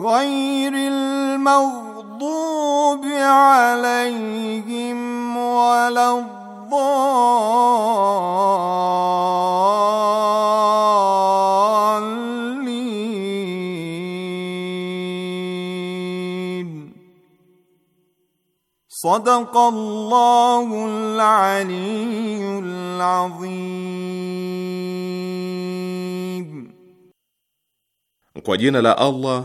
غير المغضوب عليهم ولا الضالين صدق الله العلي العظيم Kwa jina la Allah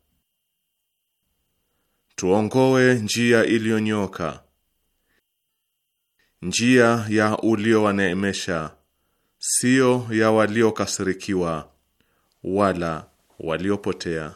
tuongoe njia iliyonyoka, njia ya uliowaneemesha, sio ya waliokasirikiwa wala waliopotea.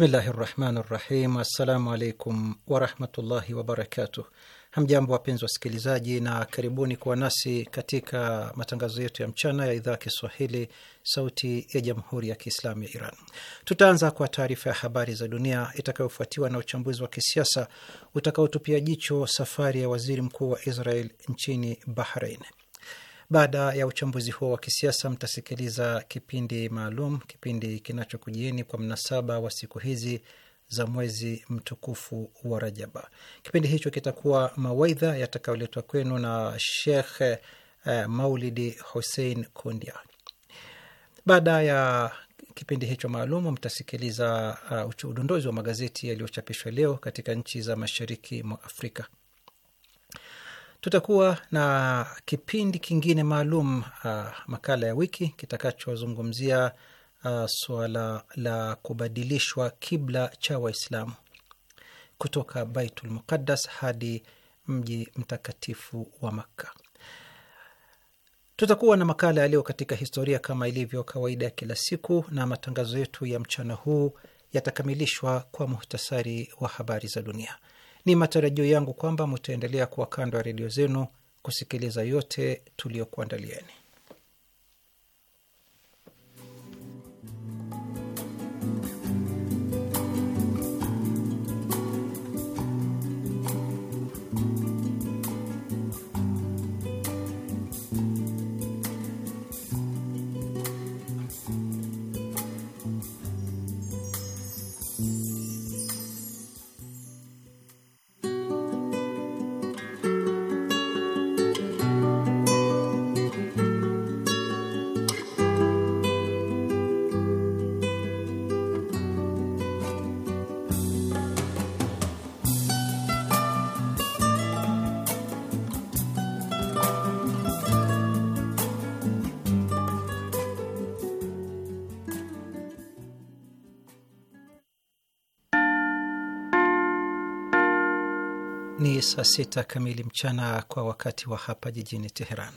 Bismillahi rahmani rahim. Assalamu alaikum warahmatullahi wabarakatuh. Hamjambo wapenzi wasikilizaji, na karibuni kuwa nasi katika matangazo yetu ya mchana ya idhaa ya Kiswahili sauti ya jamhuri ya Kiislamu ya Iran. Tutaanza kwa taarifa ya habari za dunia itakayofuatiwa na uchambuzi wa kisiasa utakaotupia jicho safari ya waziri mkuu wa Israel nchini Bahrain. Baada ya uchambuzi huo wa kisiasa, mtasikiliza kipindi maalum, kipindi kinachokujieni kwa mnasaba wa siku hizi za mwezi mtukufu wa Rajaba. Kipindi hicho kitakuwa mawaidha yatakayoletwa kwenu na Shekh eh, Maulidi Hussein Kundia. Baada ya kipindi hicho maalum mtasikiliza uh, udondozi wa magazeti yaliyochapishwa leo katika nchi za mashariki mwa Afrika. Tutakuwa na kipindi kingine maalum uh, makala ya wiki kitakachozungumzia uh, suala la kubadilishwa kibla cha Waislamu kutoka Baitul Muqaddas hadi mji mtakatifu wa Makka. Tutakuwa na makala yaliyo katika historia kama ilivyo kawaida ya kila siku, na matangazo yetu ya mchana huu yatakamilishwa kwa muhtasari wa habari za dunia. Ni matarajio yangu kwamba mutaendelea kuwa kando ya redio zenu kusikiliza yote tuliyokuandalieni. saa sita kamili mchana kwa wakati wa hapa jijini Teheran.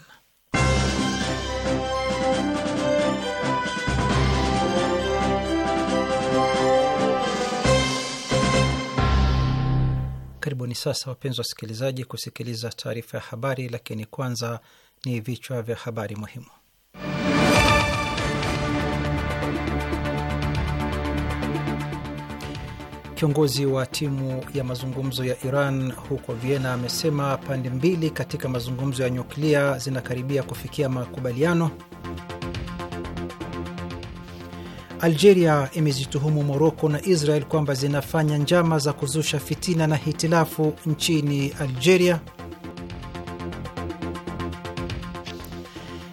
Karibuni sasa wapenzi wa wasikilizaji, kusikiliza taarifa ya habari, lakini kwanza ni vichwa vya habari muhimu. Kiongozi wa timu ya mazungumzo ya Iran huko Vienna amesema pande mbili katika mazungumzo ya nyuklia zinakaribia kufikia makubaliano. Algeria imezituhumu Moroko na Israel kwamba zinafanya njama za kuzusha fitina na hitilafu nchini Algeria.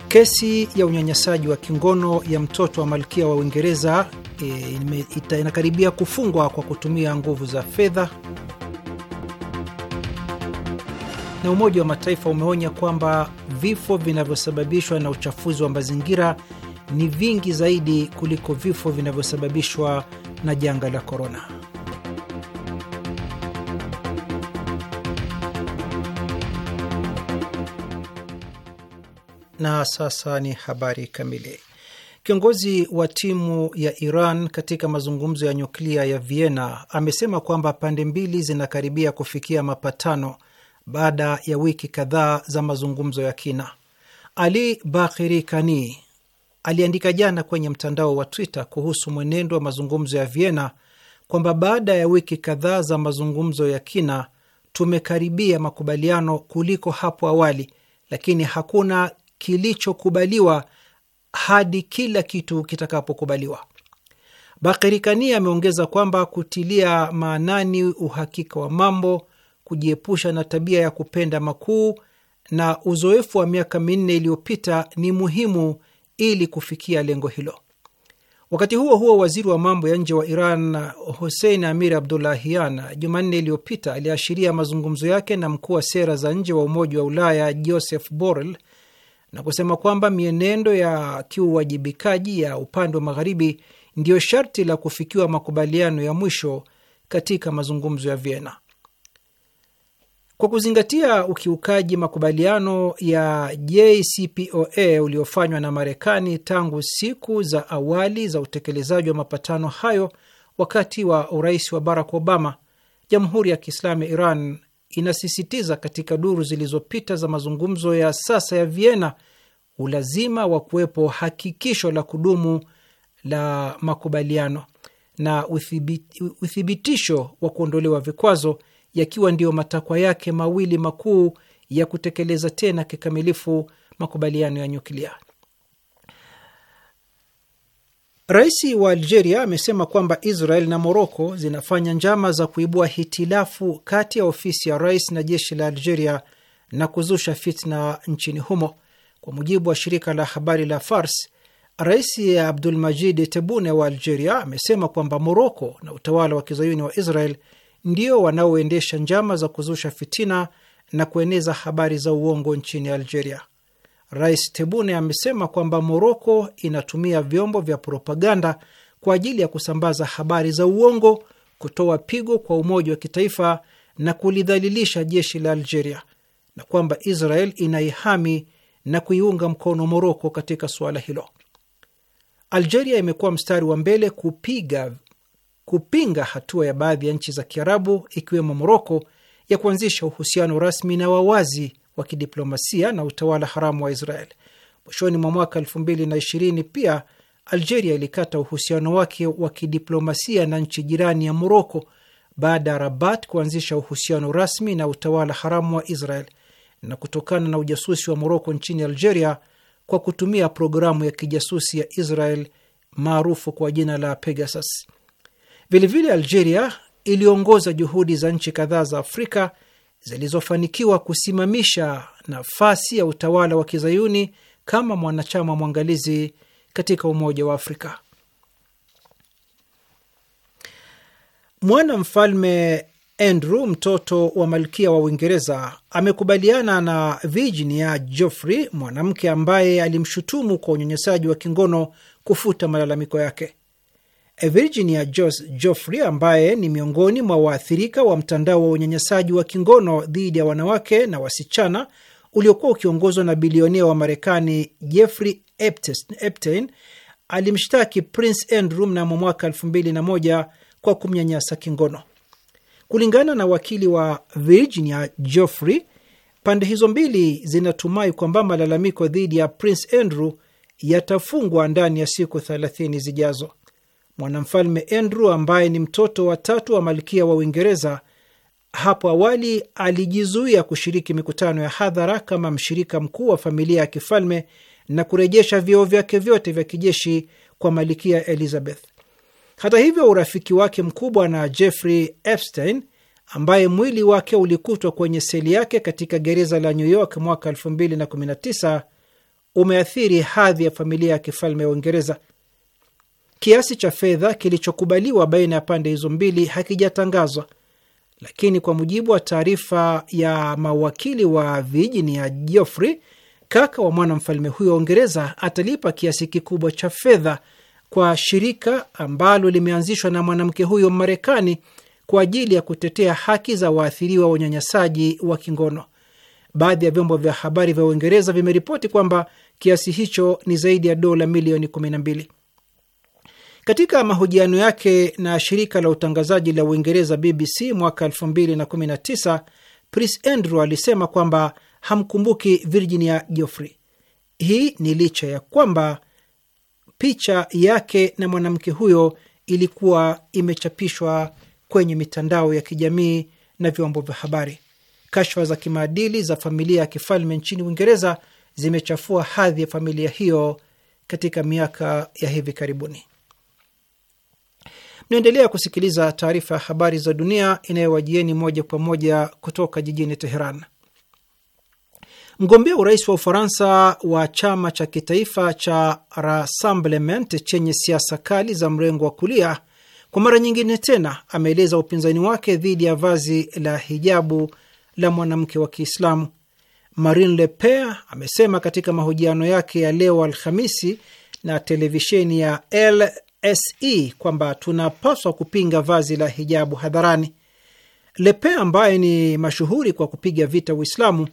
Kesi ya unyanyasaji wa kingono ya mtoto wa malkia wa Uingereza e, inakaribia kufungwa kwa kutumia nguvu za fedha, na Umoja wa Mataifa umeonya kwamba vifo vinavyosababishwa na uchafuzi wa mazingira ni vingi zaidi kuliko vifo vinavyosababishwa na janga la korona. Na sasa ni habari kamili. Kiongozi wa timu ya Iran katika mazungumzo ya nyuklia ya Vienna amesema kwamba pande mbili zinakaribia kufikia mapatano baada ya wiki kadhaa za mazungumzo ya kina. Ali Bakhiri Kani aliandika jana kwenye mtandao wa Twitter kuhusu mwenendo wa mazungumzo ya Vienna kwamba baada ya wiki kadhaa za mazungumzo ya kina tumekaribia makubaliano kuliko hapo awali, lakini hakuna kilichokubaliwa hadi kila kitu kitakapokubaliwa. kani ameongeza kwamba kutilia maanani uhakika wa mambo, kujiepusha na tabia ya kupenda makuu na uzoefu wa miaka minne iliyopita ni muhimu ili kufikia lengo hilo. Wakati huo huo, waziri wa mambo ya nje wa Iran Hussein Amir Abdollahian Jumanne iliyopita aliashiria mazungumzo yake na mkuu wa sera za nje wa Umoja wa Ulaya Joseph Borrell na kusema kwamba mienendo ya kiuwajibikaji ya upande wa magharibi ndiyo sharti la kufikiwa makubaliano ya mwisho katika mazungumzo ya Vienna. Kwa kuzingatia ukiukaji makubaliano ya JCPOA uliofanywa na Marekani tangu siku za awali za utekelezaji wa mapatano hayo wakati wa urais wa Barack Obama, Jamhuri ya Kiislamu ya Iran inasisitiza katika duru zilizopita za mazungumzo ya sasa ya Vienna ulazima wa kuwepo hakikisho la kudumu la makubaliano na uthibitisho wa kuondolewa vikwazo, yakiwa ndiyo matakwa yake mawili makuu ya kutekeleza tena kikamilifu makubaliano ya nyuklia. Rais wa Algeria amesema kwamba Israel na Moroko zinafanya njama za kuibua hitilafu kati ya ofisi ya rais na jeshi la Algeria na kuzusha fitna nchini humo. Kwa mujibu wa shirika la habari la Fars, Rais abdul majid tebune wa Algeria amesema kwamba Moroko na utawala wa kizayuni wa Israel ndio wanaoendesha njama za kuzusha fitina na kueneza habari za uongo nchini Algeria. Rais Tebune amesema kwamba Moroko inatumia vyombo vya propaganda kwa ajili ya kusambaza habari za uongo, kutoa pigo kwa umoja wa kitaifa na kulidhalilisha jeshi la Algeria, na kwamba Israel inaihami na kuiunga mkono Moroko katika suala hilo. Algeria imekuwa mstari wa mbele kupiga kupinga hatua ya baadhi ya nchi za Kiarabu ikiwemo Moroko ya kuanzisha uhusiano rasmi na wawazi wa kidiplomasia na utawala haramu wa Israel. Mwishoni mwa mwaka 2020 pia Algeria ilikata uhusiano wake wa kidiplomasia na nchi jirani ya Moroko baada ya Rabat kuanzisha uhusiano rasmi na utawala haramu wa Israel na kutokana na ujasusi wa Moroko nchini Algeria kwa kutumia programu ya kijasusi ya Israel maarufu kwa jina la Pegasus. Vilevile Algeria iliongoza juhudi za nchi kadhaa za Afrika zilizofanikiwa kusimamisha nafasi ya utawala wa kizayuni kama mwanachama mwangalizi katika Umoja wa Afrika. Mwana mfalme Andrew, mtoto wa malkia wa Uingereza, amekubaliana na Virginia Joffrey, mwanamke ambaye alimshutumu kwa unyanyasaji wa kingono, kufuta malalamiko yake. Virginia Joffrey ambaye ni miongoni mwa waathirika wa mtandao wa unyanyasaji wa kingono dhidi ya wanawake na wasichana uliokuwa ukiongozwa na bilionea wa Marekani Jeffrey Epstein alimshtaki Prince Andrew mnamo mwaka elfu mbili na moja kwa kumnyanyasa kingono. Kulingana na wakili wa Virginia Joffrey, pande hizo mbili zinatumai kwamba malalamiko dhidi ya Prince Andrew yatafungwa ndani ya siku 30 zijazo. Mwanamfalme Andrew ambaye ni mtoto wa tatu wa malkia wa Uingereza hapo awali alijizuia kushiriki mikutano ya hadhara kama mshirika mkuu wa familia ya kifalme na kurejesha vyeo vyake vyote vya kijeshi kwa malkia Elizabeth. Hata hivyo, urafiki wake mkubwa na Jeffrey Epstein ambaye mwili wake ulikutwa kwenye seli yake katika gereza la New York mwaka 2019 umeathiri hadhi ya familia ya kifalme ya Uingereza. Kiasi cha fedha kilichokubaliwa baina ya pande hizo mbili hakijatangazwa, lakini kwa mujibu wa taarifa ya mawakili wa Virginia Geoffrey, kaka wa mwanamfalme huyo wa Uingereza atalipa kiasi kikubwa cha fedha kwa shirika ambalo limeanzishwa na mwanamke huyo Marekani kwa ajili ya kutetea haki za waathiriwa wa unyanyasaji wa kingono. Baadhi ya vyombo vya habari vya Uingereza vimeripoti kwamba kiasi hicho ni zaidi ya dola milioni 12. Katika mahojiano yake na shirika la utangazaji la Uingereza BBC mwaka 2019, Prince Andrew alisema kwamba hamkumbuki Virginia Geoffrey. Hii ni licha ya kwamba picha yake na mwanamke huyo ilikuwa imechapishwa kwenye mitandao ya kijamii na vyombo vya habari. Kashfa za kimaadili za familia ya kifalme nchini Uingereza zimechafua hadhi ya familia hiyo katika miaka ya hivi karibuni. Mnaendelea kusikiliza taarifa ya habari za dunia inayowajieni moja kwa moja kutoka jijini Teheran. Mgombea urais wa Ufaransa wa chama cha kitaifa cha Rassemblement chenye siasa kali za mrengo wa kulia kwa mara nyingine tena ameeleza upinzani wake dhidi ya vazi la hijabu la mwanamke wa Kiislamu. Marine Le Pen amesema katika mahojiano yake ya leo Alhamisi na televisheni ya se e kwamba tunapaswa kupinga vazi la hijabu hadharani. Lepe ambaye ni mashuhuri kwa kupiga vita Uislamu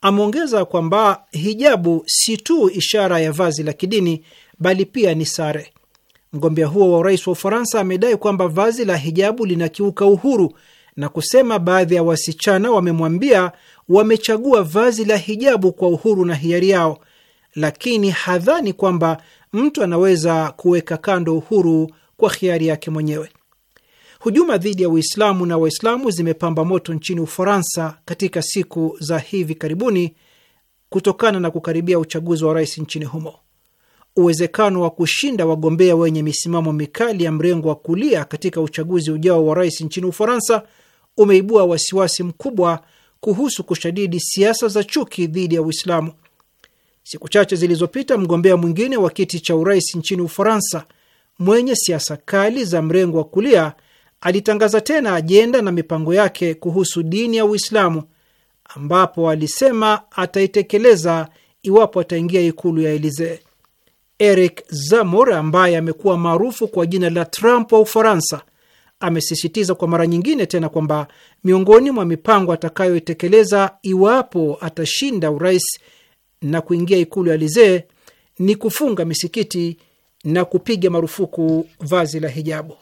ameongeza kwamba hijabu si tu ishara ya vazi la kidini bali pia ni sare. Mgombea huo wa urais wa Ufaransa amedai kwamba vazi la hijabu linakiuka uhuru na kusema baadhi ya wasichana wamemwambia wamechagua vazi la hijabu kwa uhuru na hiari yao, lakini hadhani kwamba mtu anaweza kuweka kando uhuru kwa hiari yake mwenyewe. Hujuma dhidi ya Uislamu na Waislamu zimepamba moto nchini Ufaransa katika siku za hivi karibuni kutokana na kukaribia uchaguzi wa rais nchini humo. Uwezekano wa kushinda wagombea wenye misimamo mikali ya mrengo wa kulia katika uchaguzi ujao wa rais nchini Ufaransa umeibua wasiwasi mkubwa kuhusu kushadidi siasa za chuki dhidi ya Uislamu Siku chache zilizopita, mgombea mwingine wa kiti cha urais nchini Ufaransa mwenye siasa kali za mrengo wa kulia alitangaza tena ajenda na mipango yake kuhusu dini ya Uislamu, ambapo alisema ataitekeleza iwapo ataingia ikulu ya elize Eric Zemmour ambaye amekuwa maarufu kwa jina la Trump wa Ufaransa amesisitiza kwa mara nyingine tena kwamba miongoni mwa mipango atakayoitekeleza iwapo atashinda urais na kuingia ikulu ya Lizee ni kufunga misikiti na kupiga marufuku vazi la hijabu.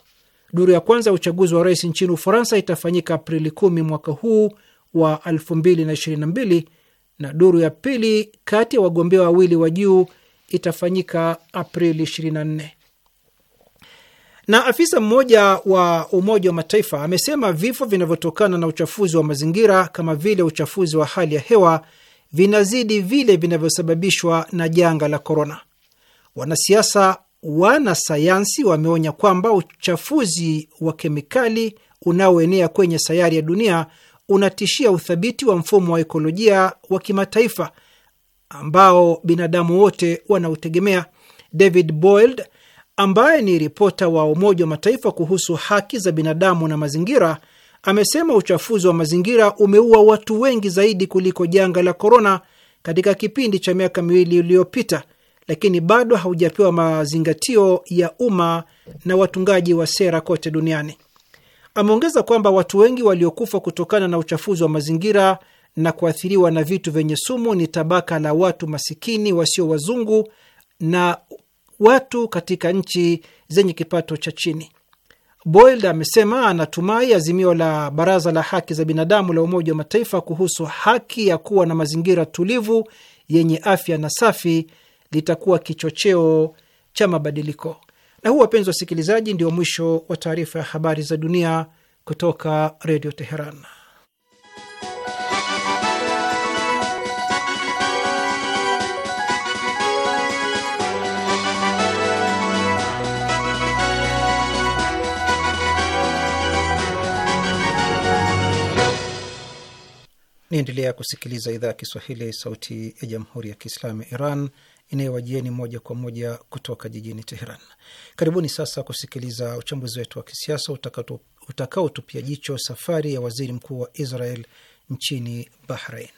Duru ya kwanza ya uchaguzi wa rais nchini Ufaransa itafanyika Aprili 1 mwaka huu wa 2022 na duru ya pili kati ya wagombea wawili wa juu itafanyika Aprili 24. Na afisa mmoja wa Umoja wa Mataifa amesema vifo vinavyotokana na uchafuzi wa mazingira kama vile uchafuzi wa hali ya hewa vinazidi vile vinavyosababishwa na janga la korona. Wanasiasa, wanasayansi wameonya kwamba uchafuzi wa kemikali unaoenea kwenye sayari ya dunia unatishia uthabiti wa mfumo wa ekolojia wa kimataifa ambao binadamu wote wanautegemea. David Boyd ambaye ni ripota wa Umoja wa Mataifa kuhusu haki za binadamu na mazingira amesema uchafuzi wa mazingira umeua watu wengi zaidi kuliko janga la korona katika kipindi cha miaka miwili iliyopita, lakini bado haujapewa mazingatio ya umma na watungaji wa sera kote duniani. Ameongeza kwamba watu wengi waliokufa kutokana na uchafuzi wa mazingira na kuathiriwa na vitu vyenye sumu ni tabaka la watu masikini wasio wazungu na watu katika nchi zenye kipato cha chini. Boyd amesema anatumai azimio la Baraza la Haki za Binadamu la Umoja wa Mataifa kuhusu haki ya kuwa na mazingira tulivu yenye afya na safi litakuwa kichocheo cha mabadiliko. Na huu, wapenzi wasikilizaji, ndio mwisho wa taarifa ya habari za dunia kutoka Redio Teheran. Niendelea kusikiliza idhaa ya Kiswahili, sauti ya jamhuri ya kiislamu ya Iran inayowajieni moja kwa moja kutoka jijini Teheran. Karibuni sasa kusikiliza uchambuzi wetu wa kisiasa utakaotupia jicho safari ya waziri mkuu wa Israel nchini Bahrain.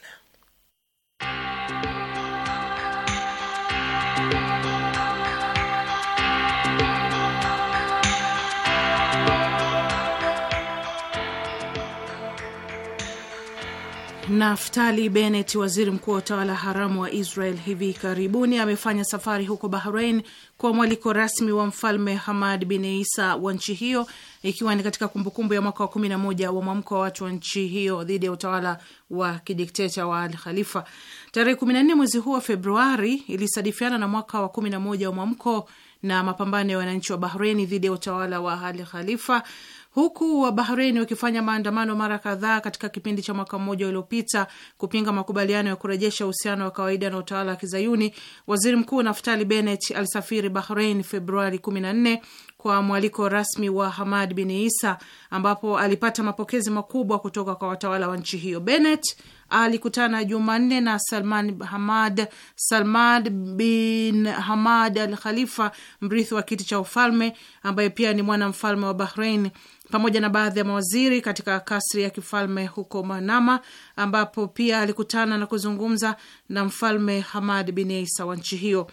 Naftali Bennett, waziri mkuu wa utawala haramu wa Israel, hivi karibuni amefanya safari huko Bahrain kwa mwaliko rasmi wa mfalme Hamad bin Isa wa nchi hiyo, ikiwa ni katika kumbukumbu ya mwaka wa kumi na moja wa mwamko wa watu wa nchi hiyo dhidi ya utawala wa kidikteta wa Al Khalifa. Tarehe kumi na nne mwezi huu wa Februari ilisadifiana na mwaka wa kumi na moja wa mwamko na mapambano ya wananchi wa bahrain dhidi ya utawala wa Al Khalifa huku wa Bahrein wakifanya maandamano mara kadhaa katika kipindi cha mwaka mmoja uliopita kupinga makubaliano ya kurejesha uhusiano wa kawaida na utawala wa Kizayuni. Waziri Mkuu Naftali Bennett alisafiri Bahrein Februari 14 kwa mwaliko rasmi wa Hamad bin Isa, ambapo alipata mapokezi makubwa kutoka kwa watawala wa nchi hiyo. benet alikutana Jumanne na Salman Hamad, Salman bin Hamad al Khalifa, mrithi wa kiti cha ufalme ambaye pia ni mwana mfalme wa Bahrain, pamoja na baadhi ya mawaziri katika kasri ya kifalme huko Manama, ambapo pia alikutana na kuzungumza na mfalme Hamad bin Isa wa nchi hiyo.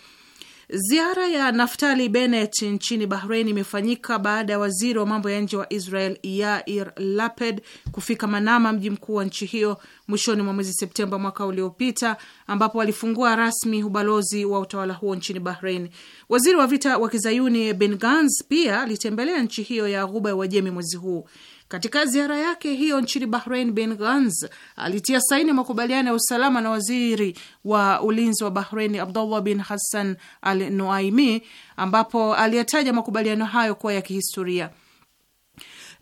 Ziara ya Naftali Bennett nchini Bahrein imefanyika baada ya waziri wa mambo ya nje wa Israel Yair Lapid kufika Manama, mji mkuu wa nchi hiyo, mwishoni mwa mwezi Septemba mwaka uliopita, ambapo walifungua rasmi ubalozi wa utawala huo nchini Bahrein. Waziri wa vita wa kizayuni Ben Gans pia alitembelea nchi hiyo ya Ghuba ya Uajemi mwezi huu. Katika ziara yake hiyo nchini Bahrain, Bin gans alitia saini makubaliano ya usalama na waziri wa ulinzi wa Bahrain Abdullah bin Hassan Al Nuaimi, ambapo aliyetaja makubaliano hayo kuwa ya kihistoria.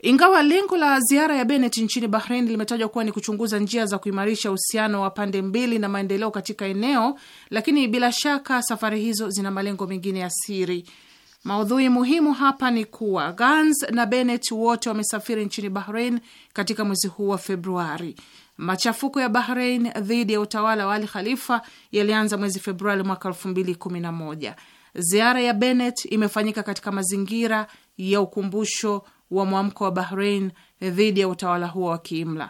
Ingawa lengo la ziara ya benet nchini Bahrain limetajwa kuwa ni kuchunguza njia za kuimarisha uhusiano wa pande mbili na maendeleo katika eneo, lakini bila shaka safari hizo zina malengo mengine ya siri. Maudhui muhimu hapa ni kuwa Gans na Bennett wote wamesafiri nchini Bahrain katika mwezi huu wa Februari. Machafuko ya Bahrain dhidi ya utawala wa Ali Khalifa yalianza mwezi Februari mwaka 2011. Ziara ya Bennett imefanyika katika mazingira ya ukumbusho wa mwamko wa Bahrain dhidi ya utawala huo wa kiimla.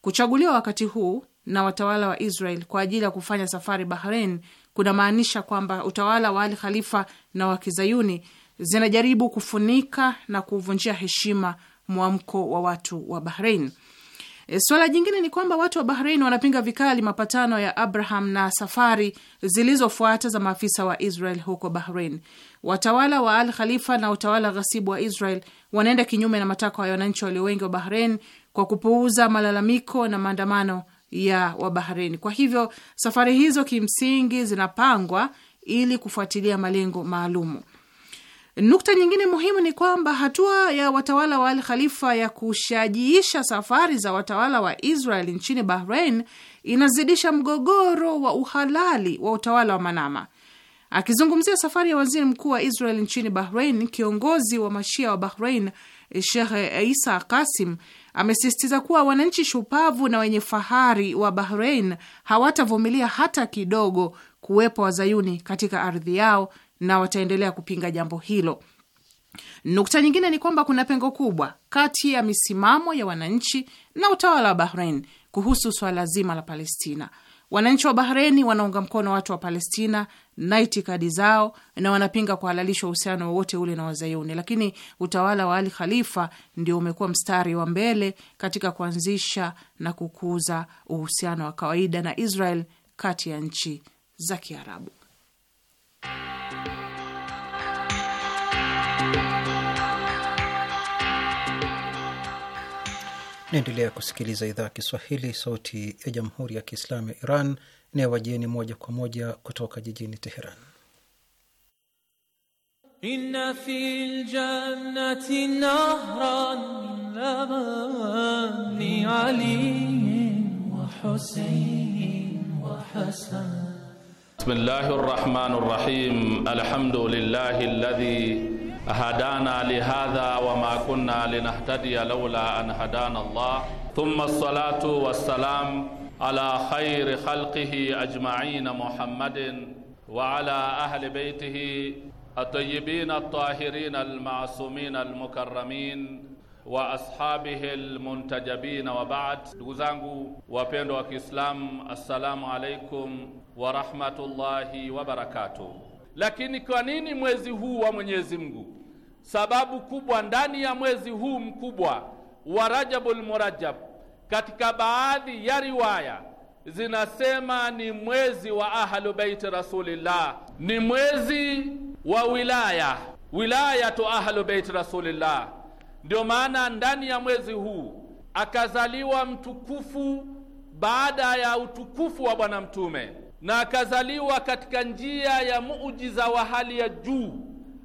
Kuchaguliwa wakati huu na watawala wa Israel kwa ajili ya kufanya safari Bahrain kunamaanisha kwamba utawala wa Ali Khalifa na wa kizayuni zinajaribu kufunika na kuvunjia heshima mwamko wa watu wa Bahrein. E, swala jingine ni kwamba watu wa Bahrein wanapinga vikali mapatano ya Abraham na safari zilizofuata za maafisa wa Israel huko Bahrein. Watawala wa Al Khalifa na utawala ghasibu wa Israel wanaenda kinyume na matakwa ya wananchi walio wengi wa Bahrein kwa kupuuza malalamiko na maandamano ya Wabahrein. Kwa hivyo safari hizo kimsingi zinapangwa ili kufuatilia malengo maalumu. Nukta nyingine muhimu ni kwamba hatua ya watawala wa Al Khalifa ya kushajiisha safari za watawala wa Israel nchini Bahrain inazidisha mgogoro wa uhalali wa utawala wa Manama. Akizungumzia safari ya waziri mkuu wa Israel nchini Bahrain, kiongozi wa mashia wa Bahrain shekh Isa Kasim amesisitiza kuwa wananchi shupavu na wenye fahari wa Bahrein hawatavumilia hata kidogo kuwepo wazayuni katika ardhi yao na wataendelea kupinga jambo hilo. Nukta nyingine ni kwamba kuna pengo kubwa kati ya misimamo ya wananchi na utawala wa Bahrein kuhusu swala zima la Palestina. Wananchi wa Bahreni wanaunga mkono watu wa Palestina na itikadi zao na wanapinga kuhalalishwa uhusiano wowote ule na Wazayuni, lakini utawala wa Ali Khalifa ndio umekuwa mstari wa mbele katika kuanzisha na kukuza uhusiano wa kawaida na Israel kati ya nchi za Kiarabu. Naendelea kusikiliza idhaa ya Kiswahili, sauti ya jamhuri ya kiislamu ya Iran inayowajieni moja kwa moja kutoka jijini Teheran. Inna fil jannati nahran min labani aliyin wa wa hasan. Bismillahir rahmanir rahim. Alhamdulillahi alladhi هدانا لهذا وما كنا لنهتدي لولا أن هدانا الله ثم الصلاة والسلام على خير خلقه أجمعين محمد وعلى أهل بيته الطيبين الطاهرين المعصومين المكرمين wa ashabihi almuntajabina wa baad. Ndugu zangu wapendwa wa Kiislamu, assalamu alaikum wa rahmatullahi wa barakatuh. Lakini kwa nini mwezi huu wa Mwenyezi Mungu? Sababu kubwa, ndani ya mwezi huu mkubwa wa Rajabul Murajab, katika baadhi ya riwaya zinasema ni mwezi wa Ahlu Beiti Rasulillah, ni mwezi wa wilaya, wilayatu Ahlu Beiti Rasulillah. Ndio maana ndani ya mwezi huu akazaliwa mtukufu baada ya utukufu wa Bwana Mtume na akazaliwa katika njia ya muujiza wa hali ya juu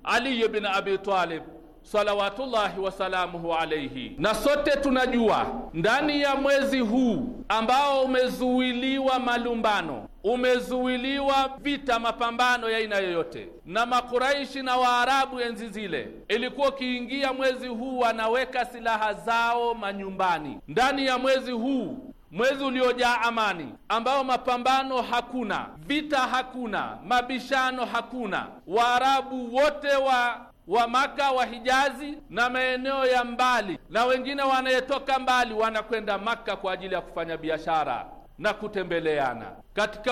Ali ibn Abi Talib salawatullahi wasalamuhu alaihi. Na sote tunajua ndani ya mwezi huu ambao umezuiliwa malumbano, umezuiliwa vita, mapambano ya aina yoyote, na Makuraishi na Waarabu enzi zile ilikuwa ukiingia mwezi huu wanaweka silaha zao manyumbani. Ndani ya mwezi huu mwezi uliojaa amani, ambao mapambano hakuna, vita hakuna, mabishano hakuna. Waarabu wote wa wa Maka wa Hijazi na maeneo ya mbali na wengine wanayetoka mbali wanakwenda Maka kwa ajili ya kufanya biashara na kutembeleana. Katika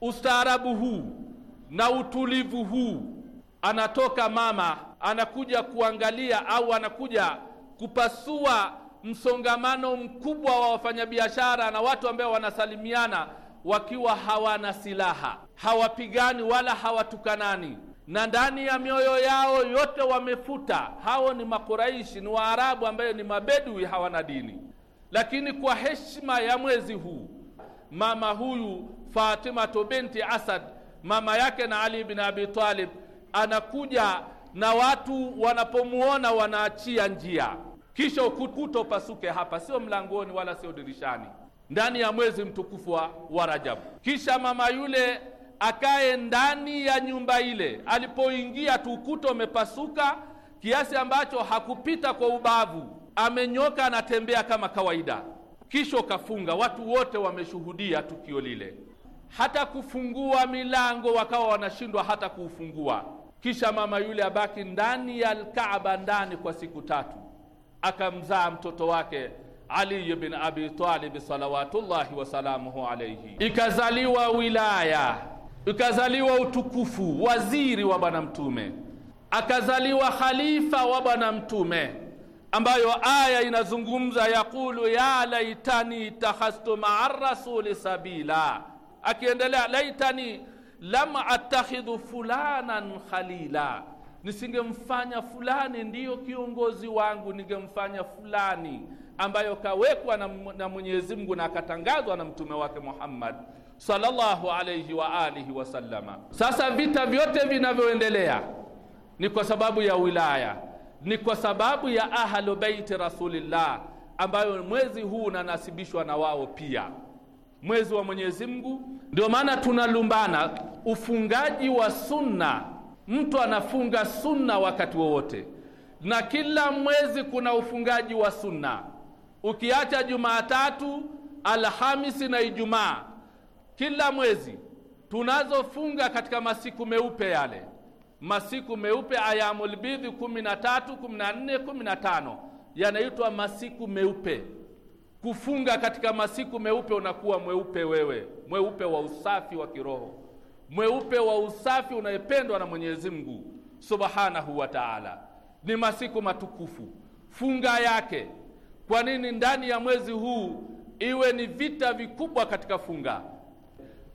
ustaarabu huu na utulivu huu, anatoka mama anakuja kuangalia au anakuja kupasua msongamano mkubwa wa wafanyabiashara na watu ambao wanasalimiana wakiwa hawana silaha, hawapigani wala hawatukanani, na ndani ya mioyo yao yote wamefuta. Hao ni Makuraishi, ni Waarabu ambayo ni mabedui, hawana dini. Lakini kwa heshima ya mwezi huu, mama huyu Fatimato binti Asad, mama yake na Ali bin Abi Talib, anakuja na watu wanapomwona wanaachia njia kisha ukuta upasuke hapa, sio mlangoni wala sio dirishani, ndani ya mwezi mtukufu wa Rajabu. Kisha mama yule akae ndani ya nyumba ile, alipoingia tu ukuta umepasuka kiasi ambacho hakupita kwa ubavu, amenyoka, anatembea kama kawaida. Kisha ukafunga, watu wote wameshuhudia tukio lile, hata kufungua milango wakawa wanashindwa hata kuufungua. Kisha mama yule abaki ndani ya Alkaaba ndani kwa siku tatu akamzaa mtoto wake Ali bin Abi Talib salawatullahi wasalamuhu alayhi, ikazaliwa wilaya, ikazaliwa utukufu, waziri wa Bwana Mtume, akazaliwa khalifa wa Bwana Mtume, ambayo aya inazungumza yaqulu ya laitani takhastu maa rasuli sabila, akiendelea laitani lam attakhidhu fulanan khalila nisingemfanya fulani ndiyo kiongozi wangu, ningemfanya fulani ambayo kawekwa na, na Mwenyezi Mungu na akatangazwa na mtume wake Muhammad sallallahu alayhi wa alihi wasallama. Sasa vita vyote vinavyoendelea ni kwa sababu ya wilaya, ni kwa sababu ya ahlu baiti rasulillah, ambayo mwezi huu unanasibishwa na wao pia mwezi wa Mwenyezi Mungu. Ndio maana tunalumbana ufungaji wa sunna mtu anafunga sunna wakati wowote, na kila mwezi kuna ufungaji wa sunna, ukiacha Jumatatu, Alhamisi na Ijumaa. Kila mwezi tunazofunga katika masiku meupe yale, masiku meupe ayamulbidhi, kumi na tatu, kumi na nne, kumi na tano, yanaitwa masiku meupe. Kufunga katika masiku meupe unakuwa mweupe wewe, mweupe wa usafi wa kiroho mweupe wa usafi unayependwa na Mwenyezi Mungu subhanahu wa taala. Ni masiku matukufu, funga yake. Kwa nini ndani ya mwezi huu iwe ni vita vikubwa katika funga?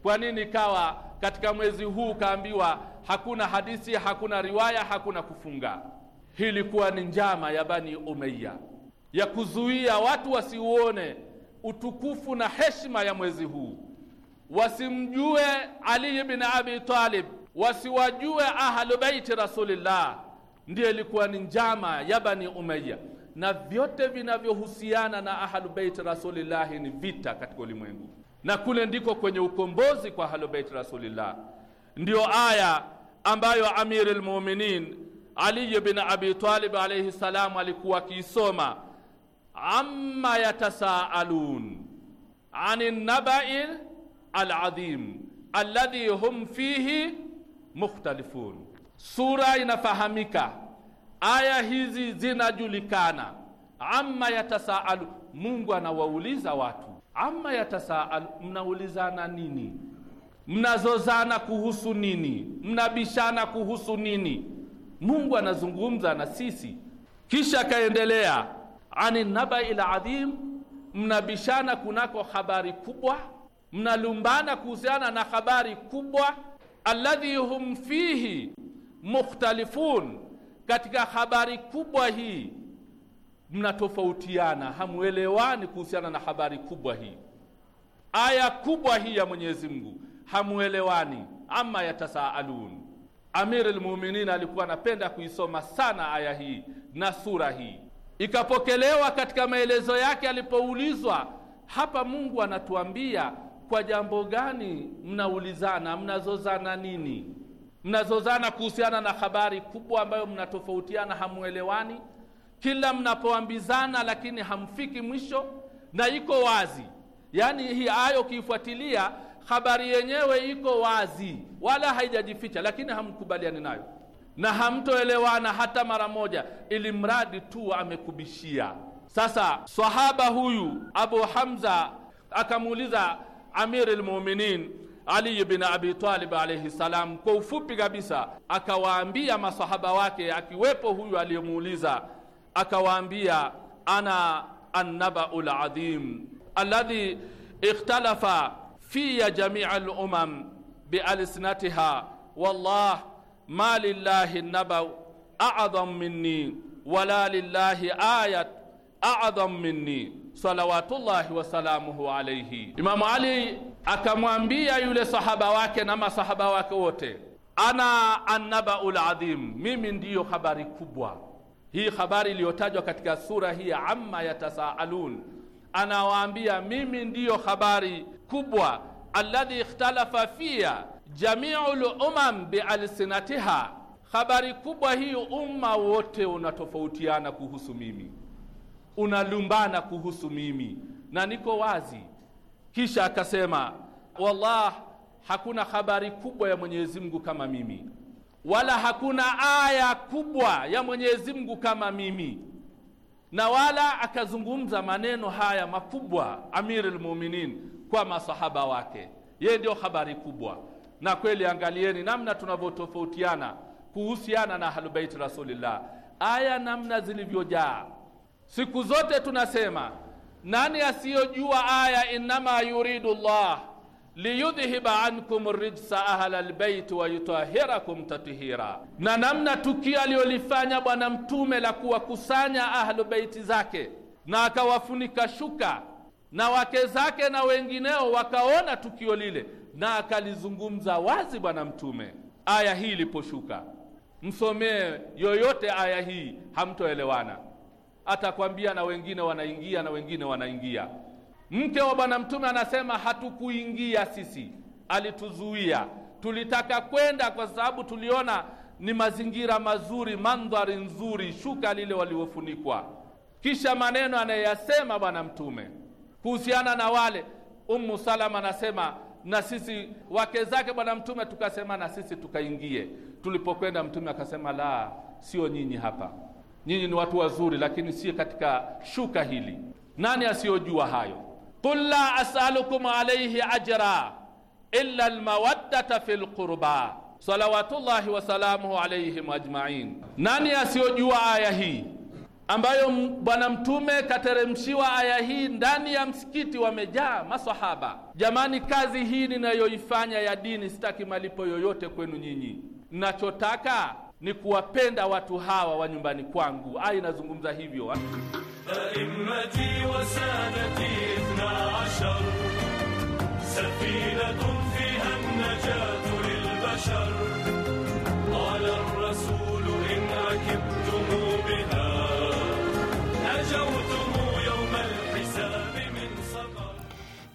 Kwa nini kawa katika mwezi huu kaambiwa hakuna hadithi, hakuna riwaya, hakuna kufunga? Hii ilikuwa ni njama ya Bani Umayya ya kuzuia watu wasiuone utukufu na heshima ya mwezi huu wasimjue Ali ibn Abi Talib, wasiwajue ahlu baiti Rasulillah, ndiyo ilikuwa ni njama ya Bani Umayya, na vyote vinavyohusiana na ahlu baiti Rasulillahi ni vita katika ulimwengu, na kule ndiko kwenye ukombozi kwa ahlu baiti Rasulillah. Ndiyo aya ambayo Amiri lmuminin Ali ibn Abi Talib alayhi salam alikuwa akiisoma, amma yatasaalun ani nabail aladhim alladhi hum fihi mukhtalifun. Sura inafahamika, aya hizi zinajulikana. Amma yatasaalu, Mungu anawauliza watu. Amma yatasaalu, mnaulizana nini? Mnazozana kuhusu nini? Mnabishana kuhusu nini? Mungu anazungumza na sisi, kisha akaendelea ani nabai ladhim, mnabishana kunako habari kubwa mnalumbana kuhusiana na habari kubwa, alladhi hum fihi mukhtalifun, katika habari kubwa hii mnatofautiana, hamuelewani kuhusiana na habari kubwa hii, aya kubwa hii ya Mwenyezi Mungu hamuelewani. Ama yatasaalun, amir Mu'minin alikuwa anapenda kuisoma sana aya hii na sura hii, ikapokelewa katika maelezo yake alipoulizwa hapa. Mungu anatuambia kwa jambo gani mnaulizana? Mnazozana nini? Mnazozana kuhusiana na habari kubwa ambayo mnatofautiana, hamuelewani kila mnapoambizana, lakini hamfiki mwisho, na iko wazi. Yaani hii ayo ukiifuatilia, habari yenyewe iko wazi, wala haijajificha, lakini hamkubaliani nayo na hamtoelewana hata mara moja, ili mradi tu amekubishia. Sasa sahaba huyu Abu Hamza akamuuliza amir lmuminin ali bin abi Talib alayhi salam, kwa ufupi kabisa akawaambia masahaba wake, akiwepo huyu aliyemuuliza, akawaambia ana annabaul adhim alladhi ikhtalafa fiya jamia lumam bialsinatiha wallah ma lillahi nabau a'dham minni wala lillahi ayat a'dham minni salawatullahi wasalamuhu alaihi. Imamu Ali akamwambia yule sahaba wake na masahaba wake wote, ana annabaul adhim, mimi ndiyo habari kubwa hii. Habari iliyotajwa katika sura hii ya amma yatasaalun, anawaambia mimi ndiyo habari kubwa, alladhi ikhtalafa fiya jamiu lumam bialsinatiha, habari kubwa hii umma wote unatofautiana kuhusu mimi unalumbana kuhusu mimi na niko wazi. Kisha akasema wallah, hakuna habari kubwa ya Mwenyezi Mungu kama mimi, wala hakuna aya kubwa ya Mwenyezi Mungu kama mimi, na wala akazungumza maneno haya makubwa Amirul Mu'minin kwa masahaba wake, yeye ndio habari kubwa. Na kweli angalieni namna tunavyotofautiana kuhusiana na Ahlul Bait Rasulillah, aya namna zilivyojaa Siku zote tunasema nani asiyojua aya innama yuridu llah liyudhhiba ankum rijsa ahla lbeiti wayutahirakum tathira, na namna tukio aliyolifanya Bwana Mtume la kuwakusanya ahlu beiti zake na akawafunika shuka na wake zake na wengineo wakaona tukio lile, na akalizungumza wazi Bwana Mtume aya hii iliposhuka. Msomee yoyote aya hii, hamtoelewana atakwambia na wengine wanaingia na wengine wanaingia. Mke wa Bwana Mtume anasema hatukuingia sisi, alituzuia. Tulitaka kwenda kwa sababu tuliona ni mazingira mazuri, mandhari nzuri, shuka lile waliofunikwa. Kisha maneno anayeyasema Bwana Mtume kuhusiana na wale. Umu Salama anasema na sisi wake zake Bwana Mtume tukasema na sisi tukaingie. Tulipokwenda Mtume akasema la, sio nyinyi hapa nyinyi ni watu wazuri, lakini si katika shuka hili. Nani asiyojua hayo? Qul la asalukum alayhi ajra illa almawaddata fil qurba salawatullahi salamuhu alayhim ajmain. Nani asiyojua aya hii ambayo Bwana Mtume kateremshiwa aya hii ndani ya msikiti, wamejaa masahaba. Jamani, kazi hii ninayoifanya ya dini, sitaki malipo yoyote kwenu nyinyi, nachotaka ni kuwapenda watu hawa wa nyumbani kwangu. Aya inazungumza hivyo ah.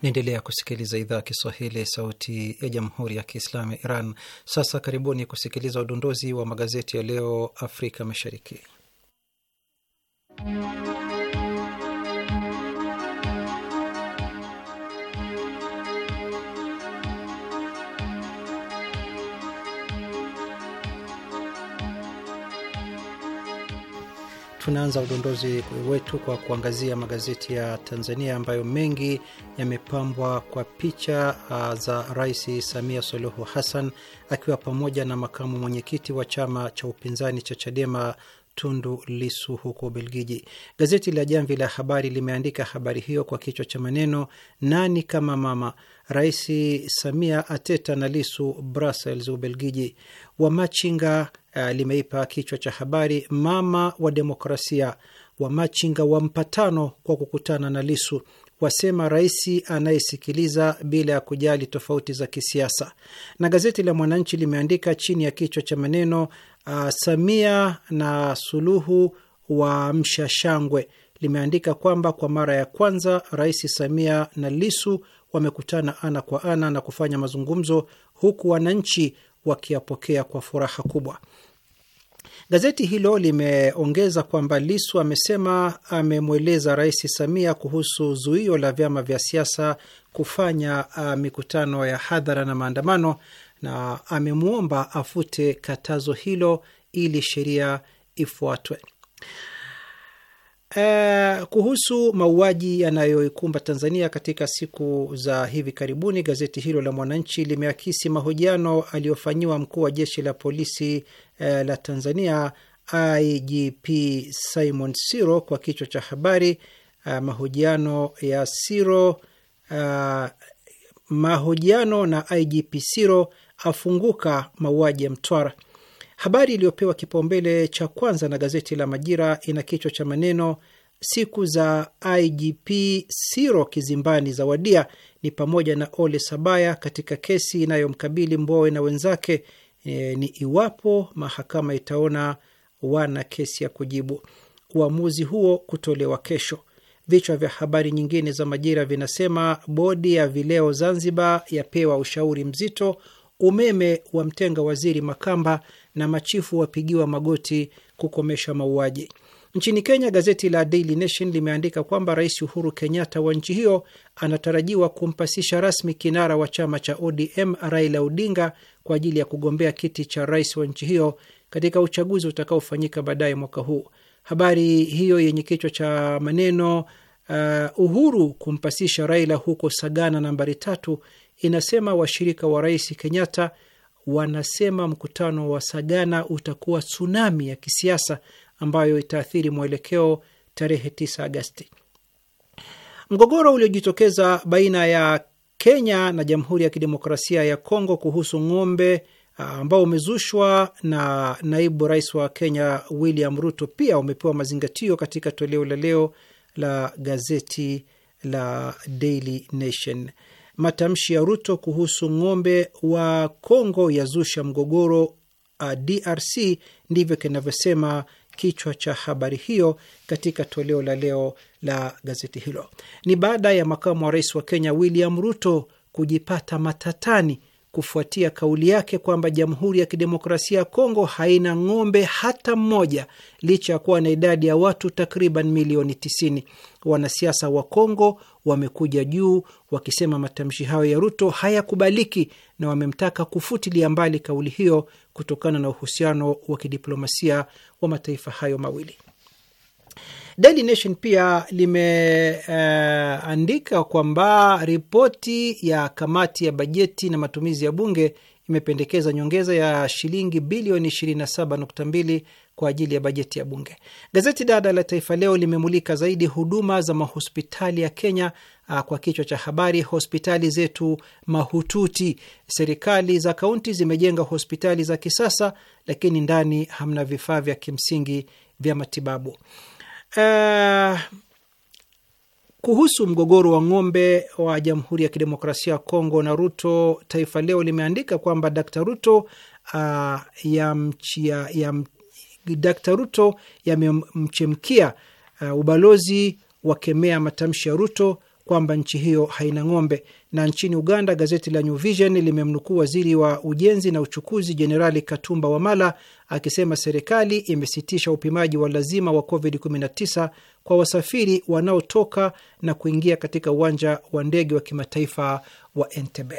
Naendelea kusikiliza idhaa ya Kiswahili, sauti ya jamhuri ya kiislamu ya Iran. Sasa karibuni kusikiliza udondozi wa magazeti ya leo Afrika Mashariki. Tunaanza udondozi wetu kwa kuangazia magazeti ya Tanzania ambayo mengi yamepambwa kwa picha ah, za Rais Samia Suluhu Hassan akiwa pamoja na makamu mwenyekiti wa chama cha upinzani cha Chadema Tundu Lisu huko Ubelgiji. Gazeti la Jamvi la Habari limeandika habari hiyo kwa kichwa cha maneno nani kama mama, Rais Samia ateta na Lisu Brussels, Ubelgiji. Wamachinga uh, limeipa kichwa cha habari mama wa demokrasia, Wamachinga wa mpatano kwa kukutana na Lisu, wasema rais anayesikiliza bila ya kujali tofauti za kisiasa. Na gazeti la Mwananchi limeandika chini ya kichwa cha maneno uh, Samia na Suluhu wa Mshashangwe limeandika kwamba kwa mara ya kwanza Rais Samia na Lisu wamekutana ana kwa ana na kufanya mazungumzo huku wananchi wakiyapokea kwa furaha kubwa. Gazeti hilo limeongeza kwamba Lisu amesema amemweleza Rais Samia kuhusu zuio la vyama vya siasa kufanya uh, mikutano ya hadhara na maandamano na amemwomba afute katazo hilo ili sheria ifuatwe. Eh, kuhusu mauaji yanayoikumba Tanzania katika siku za hivi karibuni, gazeti hilo la Mwananchi limeakisi mahojiano aliyofanyiwa mkuu wa jeshi la polisi eh, la Tanzania IGP Simon Siro kwa kichwa cha habari eh, mahojiano ya Siro eh, mahojiano na IGP Siro afunguka mauaji ya Mtwara. Habari iliyopewa kipaumbele cha kwanza na gazeti la Majira ina kichwa cha maneno siku za IGP Siro kizimbani za wadia ni pamoja na Ole Sabaya katika kesi inayomkabili Mbowe na wenzake e, ni iwapo mahakama itaona wana kesi ya kujibu. Uamuzi huo kutolewa kesho. Vichwa vya habari nyingine za Majira vinasema bodi ya vileo Zanzibar yapewa ushauri mzito, umeme wa mtenga waziri Makamba na machifu wapigiwa magoti kukomesha mauaji. Nchini Kenya, gazeti la Daily Nation limeandika kwamba Rais Uhuru Kenyatta wa nchi hiyo anatarajiwa kumpasisha rasmi kinara wa chama cha ODM Raila Odinga kwa ajili ya kugombea kiti cha rais wa nchi hiyo katika uchaguzi utakaofanyika baadaye mwaka huu. Habari hiyo yenye kichwa cha maneno uh, Uhuru kumpasisha Raila huko Sagana nambari tatu inasema washirika wa rais Kenyatta wanasema mkutano wa Sagana utakuwa tsunami ya kisiasa ambayo itaathiri mwelekeo tarehe 9 Agasti. Mgogoro uliojitokeza baina ya Kenya na Jamhuri ya Kidemokrasia ya Kongo kuhusu ng'ombe ah, ambao umezushwa na naibu rais wa Kenya William Ruto pia umepewa mazingatio katika toleo la leo la gazeti la Daily Nation matamshi ya Ruto kuhusu ng'ombe wa Kongo yazusha mgogoro uh, DRC. Ndivyo kinavyosema kichwa cha habari hiyo katika toleo la leo la gazeti hilo. Ni baada ya makamu wa rais wa Kenya William Ruto kujipata matatani kufuatia kauli yake kwamba Jamhuri ya Kidemokrasia ya Kongo haina ng'ombe hata mmoja licha ya kuwa na idadi ya watu takriban milioni 90. Wanasiasa wa Kongo wamekuja juu wakisema matamshi hayo ya Ruto hayakubaliki na wamemtaka kufutilia mbali kauli hiyo kutokana na uhusiano wa kidiplomasia wa mataifa hayo mawili. Daily Nation pia limeandika uh, kwamba ripoti ya kamati ya bajeti na matumizi ya bunge imependekeza nyongeza ya shilingi bilioni 27.2 kwa ajili ya bajeti ya Bunge. Gazeti dada la Taifa Leo limemulika zaidi huduma za mahospitali ya Kenya ah, kwa kichwa cha habari, hospitali zetu mahututi. Serikali za kaunti zimejenga hospitali za kisasa, lakini ndani hamna vifaa vya kimsingi vya matibabu. Uh, kuhusu mgogoro wa ng'ombe wa Jamhuri ya Kidemokrasia ya Kongo na Ruto, Taifa Leo limeandika kwamba Dkt. Ruto uh, ah, yamtia, yam, Dkt Ruto yamemchemkia. Uh, ubalozi wakemea matamshi ya Ruto kwamba nchi hiyo haina ng'ombe. Na nchini Uganda, gazeti la New Vision limemnukuu waziri wa ujenzi na uchukuzi Jenerali Katumba Wamala akisema serikali imesitisha upimaji wa lazima wa COVID-19 kwa wasafiri wanaotoka na kuingia katika uwanja wa ndege wa kimataifa wa Entebbe.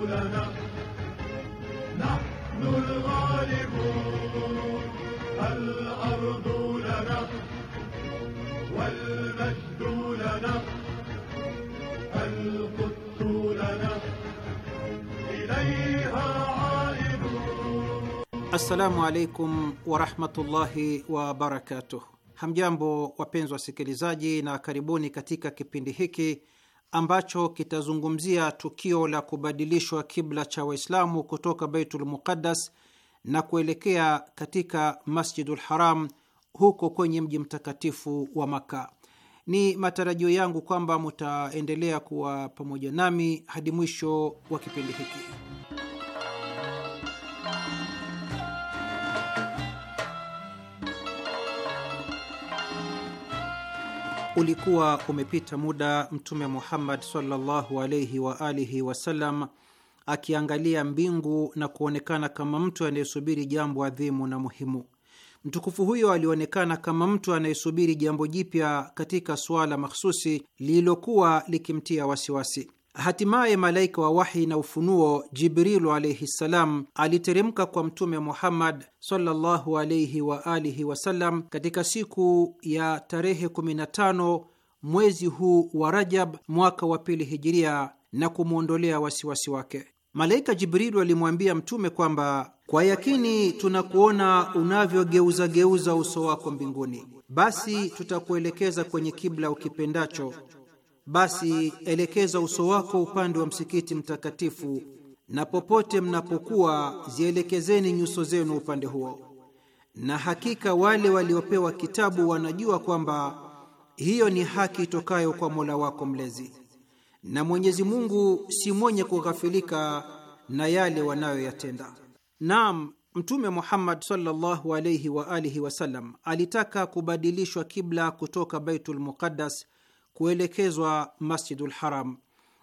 Assalamu alaikum warahmatullahi wabarakatuh. Hamjambo wapenzi wasikilizaji, na karibuni katika kipindi hiki ambacho kitazungumzia tukio la kubadilishwa kibla cha Waislamu kutoka Baitul Muqaddas na kuelekea katika Masjidul Haram huko kwenye mji mtakatifu wa Makka. Ni matarajio yangu kwamba mutaendelea kuwa pamoja nami hadi mwisho wa kipindi hiki. ulikuwa umepita muda Mtume Muhammad sallallahu alaihi wa alihi wasallam akiangalia mbingu na kuonekana kama mtu anayesubiri jambo adhimu na muhimu. Mtukufu huyo alionekana kama mtu anayesubiri jambo jipya katika suala mahsusi lililokuwa likimtia wasiwasi. Hatimaye malaika wa wahi na ufunuo Jibrilu alaihi ssalam aliteremka kwa Mtume Muhammad sallallahu alaihi wa alihi wasallam katika siku ya tarehe 15 mwezi huu wa Rajab mwaka wa pili hijiria na kumwondolea wasiwasi wake. Malaika Jibrilu alimwambia Mtume kwamba kwa yakini tunakuona unavyogeuzageuza uso wako mbinguni, basi tutakuelekeza kwenye kibla ukipendacho basi elekeza uso wako upande wa msikiti mtakatifu, na popote mnapokuwa zielekezeni nyuso zenu upande huo. Na hakika wale waliopewa kitabu wanajua kwamba hiyo ni haki itokayo kwa Mola wako mlezi, na Mwenyezi Mungu si mwenye kughafilika na yale wanayoyatenda. Naam, Mtume Muhammad sallallahu alayhi wa alihi wasallam alitaka kubadilishwa kibla kutoka Baitul Muqaddas kuelekezwa Masjidul Haram,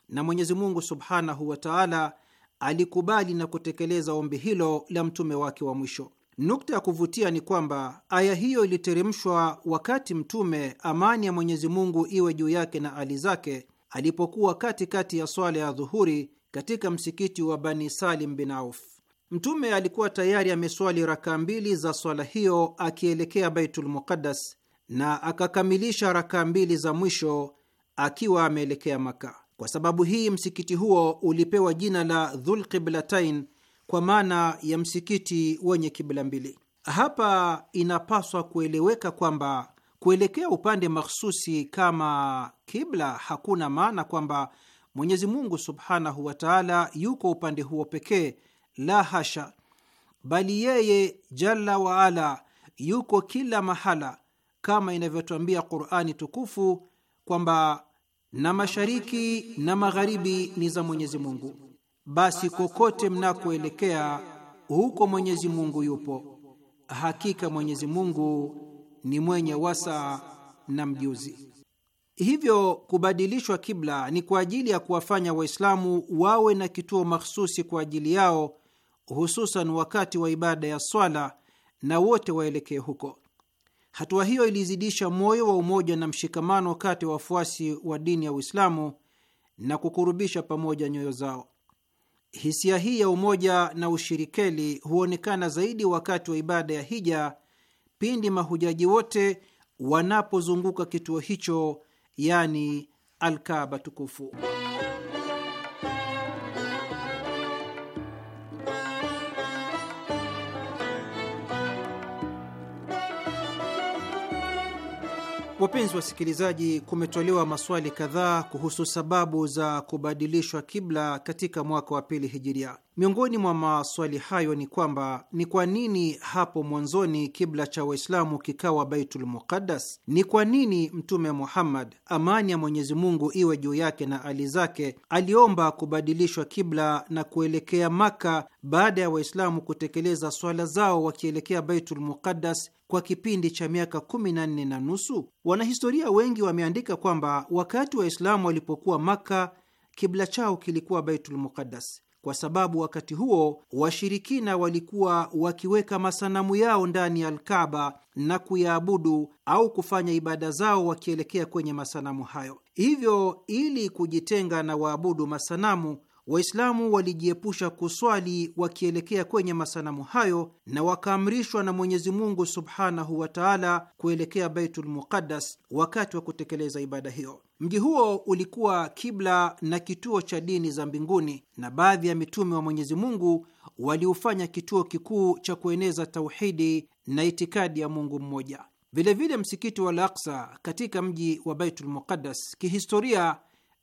na Mwenyezi Mungu subhanahu wa taala alikubali na kutekeleza ombi hilo la mtume wake wa mwisho. Nukta ya kuvutia ni kwamba aya hiyo iliteremshwa wakati Mtume, amani ya Mwenyezi Mungu iwe juu yake na ali zake, alipokuwa katikati kati ya swala ya dhuhuri katika msikiti wa Bani Salim bin Auf. Mtume alikuwa tayari ameswali rakaa mbili za swala hiyo akielekea Baitul Muqaddas na akakamilisha rakaa mbili za mwisho akiwa ameelekea Maka. Kwa sababu hii msikiti huo ulipewa jina la Dhulqiblatain kwa maana ya msikiti wenye kibla mbili. Hapa inapaswa kueleweka kwamba kuelekea upande mahsusi kama kibla hakuna maana kwamba Mwenyezi Mungu subhanahu wa taala yuko upande huo pekee, la hasha, bali yeye jalla waala yuko kila mahala kama inavyotuambia Qurani tukufu kwamba na mashariki na magharibi ni za Mwenyezi Mungu, basi kokote mnakoelekea huko Mwenyezi Mungu yupo. Hakika Mwenyezi Mungu ni mwenye wasa na mjuzi. Hivyo kubadilishwa kibla ni kwa ajili ya kuwafanya Waislamu wawe na kituo mahsusi kwa ajili yao, hususan wakati wa ibada ya swala, na wote waelekee huko. Hatua hiyo ilizidisha moyo wa umoja na mshikamano kati ya wafuasi wa dini ya Uislamu na kukurubisha pamoja nyoyo zao. Hisia hii ya umoja na ushirikeli huonekana zaidi wakati wa ibada ya hija, pindi mahujaji wote wanapozunguka kituo hicho, yani alkaba tukufu. Wapenzi wasikilizaji, kumetolewa maswali kadhaa kuhusu sababu za kubadilishwa kibla katika mwaka wa pili hijiria. Miongoni mwa maswali hayo ni kwamba ni kwa nini hapo mwanzoni kibla cha Waislamu kikawa Baitul Muqaddas? Ni kwa nini Mtume Muhammad, amani ya Mwenyezi Mungu iwe juu yake na ali zake, aliomba kubadilishwa kibla na kuelekea Maka baada ya Waislamu kutekeleza swala zao wakielekea Baitul Muqaddas kwa kipindi cha miaka 14 na na nusu. Wanahistoria wengi wameandika kwamba wakati Waislamu walipokuwa Makka, kibla chao kilikuwa Baitul Muqaddas kwa sababu wakati huo washirikina walikuwa wakiweka masanamu yao ndani ya Alkaba na kuyaabudu au kufanya ibada zao wakielekea kwenye masanamu hayo. Hivyo, ili kujitenga na waabudu masanamu Waislamu walijiepusha kuswali wakielekea kwenye masanamu hayo na wakaamrishwa na Mwenyezi Mungu subhanahu wa taala kuelekea Baitul Muqaddas wakati wa kutekeleza ibada hiyo. Mji huo ulikuwa kibla na kituo cha dini za mbinguni, na baadhi ya mitume wa Mwenyezi Mungu waliufanya kituo kikuu cha kueneza tauhidi na itikadi ya Mungu mmoja. Vilevile, msikiti wa Al-Aqsa katika mji wa Baitul Muqaddas kihistoria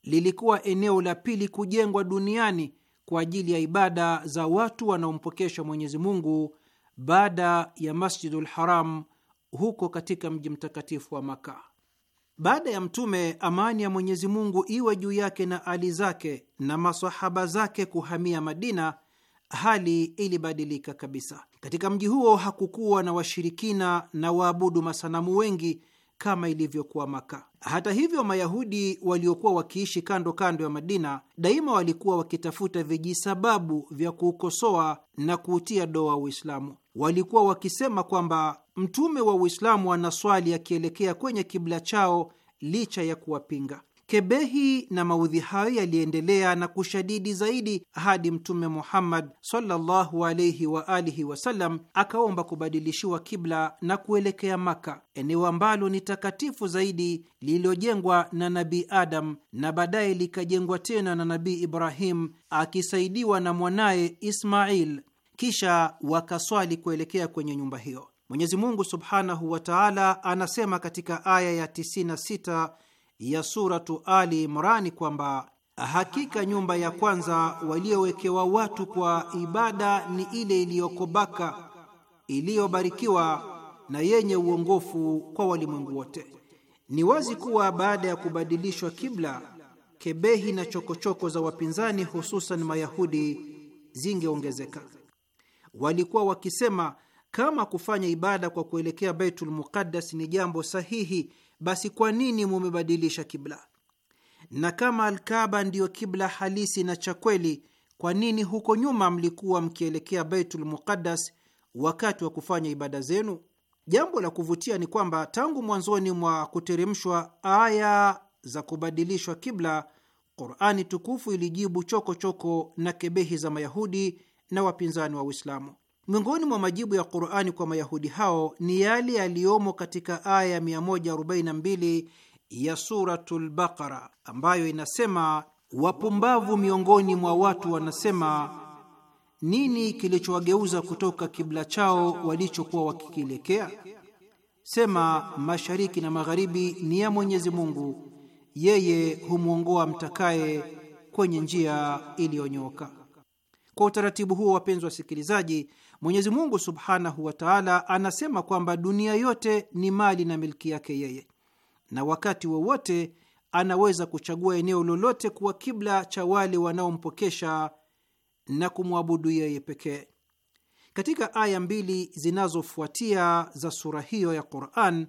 lilikuwa eneo la pili kujengwa duniani kwa ajili ya ibada za watu wanaompokesha Mwenyezi Mungu baada ya Masjidul Haram huko katika mji mtakatifu wa Maka. Baada ya Mtume, amani ya Mwenyezi Mungu iwe juu yake na ali zake na masahaba zake, kuhamia Madina, hali ilibadilika kabisa. Katika mji huo hakukuwa na washirikina na waabudu masanamu wengi kama ilivyokuwa Maka. Hata hivyo, Mayahudi waliokuwa wakiishi kando kando ya Madina daima walikuwa wakitafuta vijisababu vya kuukosoa na kuutia doa Uislamu. Walikuwa wakisema kwamba mtume wa Uislamu anaswali akielekea kwenye kibla chao licha ya kuwapinga. Kebehi na maudhi hayo yaliendelea na kushadidi zaidi hadi Mtume Muhammad sallallahu alaihi wa alihi wasallam akaomba kubadilishiwa kibla na kuelekea Maka, eneo ambalo ni takatifu zaidi lililojengwa na Nabii Adam na baadaye likajengwa tena na Nabii Ibrahim akisaidiwa na mwanaye Ismail. Kisha wakaswali kuelekea kwenye nyumba hiyo. Mwenyezi Mungu subhanahu wa taala anasema katika aya ya 96 ya Suratu Ali Imrani kwamba hakika nyumba ya kwanza waliowekewa watu kwa ibada ni ile iliyoko Baka, iliyobarikiwa na yenye uongofu kwa walimwengu wote. Ni wazi kuwa baada ya kubadilishwa kibla, kebehi na chokochoko choko za wapinzani, hususan Mayahudi, zingeongezeka. Walikuwa wakisema kama kufanya ibada kwa kuelekea Baitul Muqaddas ni jambo sahihi basi kwa nini mumebadilisha kibla? Na kama Alkaba ndiyo kibla halisi na cha kweli, kwa nini huko nyuma mlikuwa mkielekea Baitul Muqaddas wakati wa kufanya ibada zenu? Jambo la kuvutia ni kwamba tangu mwanzoni mwa kuteremshwa aya za kubadilishwa kibla, Qurani tukufu ilijibu chokochoko choko na kebehi za Mayahudi na wapinzani wa Uislamu. Miongoni mwa majibu ya Qurani kwa Mayahudi hao ni yale yaliyomo katika aya 142 ya Suratul Baqara ambayo inasema, wapumbavu miongoni mwa watu wanasema, nini kilichowageuza kutoka kibla chao walichokuwa wakikielekea? Sema, mashariki na magharibi ni ya Mwenyezi Mungu, yeye humwongoa mtakaye kwenye njia iliyonyoka. Kwa utaratibu huo, wapenzi wasikilizaji Mwenyezi Mungu subhanahu wa taala anasema kwamba dunia yote ni mali na milki yake yeye, na wakati wowote wa anaweza kuchagua eneo lolote kuwa kibla cha wale wanaompokesha na kumwabudu yeye pekee. Katika aya mbili zinazofuatia za sura hiyo ya Quran,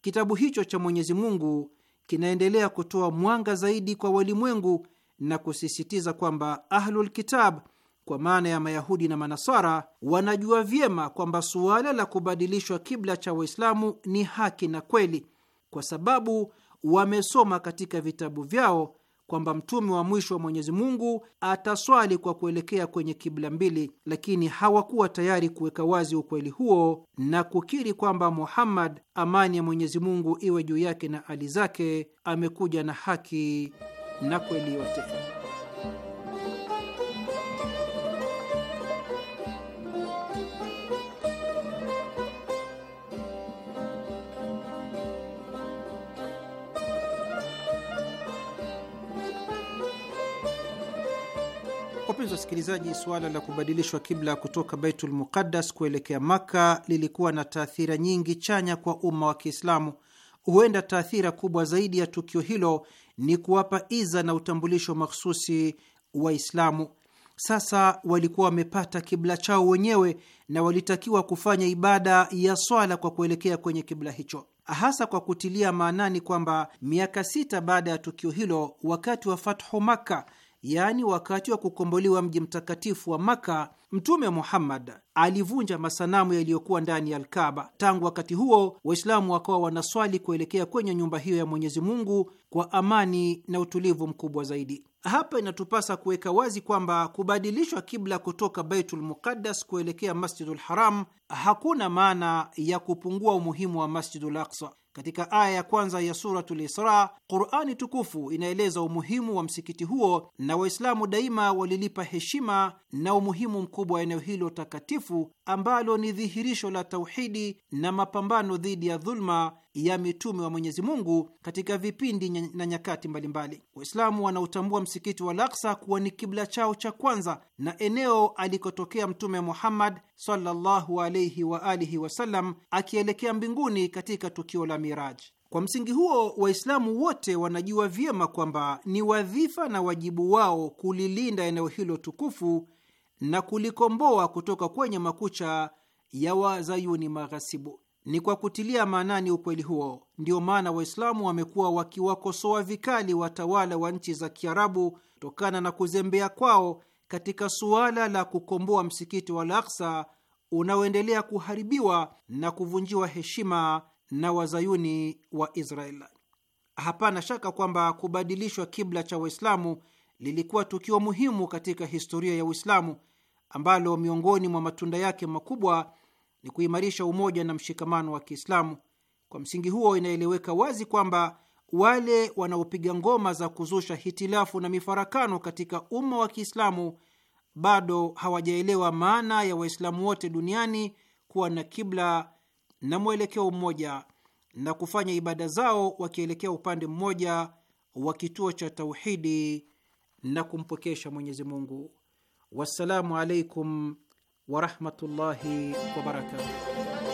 kitabu hicho cha Mwenyezi Mungu kinaendelea kutoa mwanga zaidi kwa walimwengu na kusisitiza kwamba Ahlulkitab kwa maana ya Mayahudi na Manasara, wanajua vyema kwamba suala la kubadilishwa kibla cha Waislamu ni haki na kweli, kwa sababu wamesoma katika vitabu vyao kwamba mtume wa mwisho wa Mwenyezi Mungu ataswali kwa kuelekea kwenye kibla mbili, lakini hawakuwa tayari kuweka wazi ukweli huo na kukiri kwamba Muhammad, amani ya Mwenyezi Mungu iwe juu yake na ali zake, amekuja na haki na kweli yote. Wapenzi wasikilizaji, suala la kubadilishwa kibla kutoka Baitul Muqaddas kuelekea Makka lilikuwa na taathira nyingi chanya kwa umma wa Kiislamu. Huenda taathira kubwa zaidi ya tukio hilo ni kuwapa iza na utambulisho makhususi Waislamu. Sasa walikuwa wamepata kibla chao wenyewe na walitakiwa kufanya ibada ya swala kwa kuelekea kwenye kibla hicho, hasa kwa kutilia maanani kwamba miaka sita baada ya tukio hilo, wakati wa fathu Makka, yaani wakati wa kukombolewa mji mtakatifu wa Maka, Mtume Muhammad alivunja masanamu yaliyokuwa ndani ya Alkaba. Tangu wakati huo, Waislamu wakawa wanaswali kuelekea kwenye nyumba hiyo ya Mwenyezi Mungu kwa amani na utulivu mkubwa zaidi. Hapa inatupasa kuweka wazi kwamba kubadilishwa kibla kutoka Baitul Muqaddas kuelekea Masjidul Haram hakuna maana ya kupungua umuhimu wa Masjidul Aqsa. Katika aya ya kwanza ya Suratul Isra, Qurani tukufu inaeleza umuhimu wa msikiti huo, na Waislamu daima walilipa heshima na umuhimu mkubwa wa eneo hilo takatifu ambalo ni dhihirisho la tauhidi na mapambano dhidi ya dhuluma ya mitume wa Mwenyezi Mungu katika vipindi na nyakati mbalimbali. Waislamu wanautambua msikiti wa Al-Aqsa kuwa ni kibla chao cha kwanza na eneo alikotokea Mtume Muhammad sallallahu alayhi wa alihi wasallam akielekea mbinguni katika tukio la Miraji. Kwa msingi huo, Waislamu wote wanajua vyema kwamba ni wadhifa na wajibu wao kulilinda eneo hilo tukufu na kulikomboa kutoka kwenye makucha ya wazayuni maghasibu. Ni kwa kutilia maanani ukweli huo, ndio maana Waislamu wamekuwa wakiwakosoa vikali watawala wa nchi za Kiarabu kutokana na kuzembea kwao katika suala la kukomboa msikiti wa Al-Aqsa unaoendelea kuharibiwa na kuvunjiwa heshima na wazayuni wa Israel. Hapana shaka kwamba kubadilishwa kibla cha Waislamu lilikuwa tukio muhimu katika historia ya Uislamu ambalo miongoni mwa matunda yake makubwa ni kuimarisha umoja na mshikamano wa Kiislamu. Kwa msingi huo, inaeleweka wazi kwamba wale wanaopiga ngoma za kuzusha hitilafu na mifarakano katika umma wa Kiislamu bado hawajaelewa maana ya Waislamu wote duniani kuwa na kibla na mwelekeo mmoja na kufanya ibada zao wakielekea upande mmoja wa kituo cha tauhidi na kumpokesha Mwenyezi Mungu. Wassalamu alaikum ورحمه الله وبركاته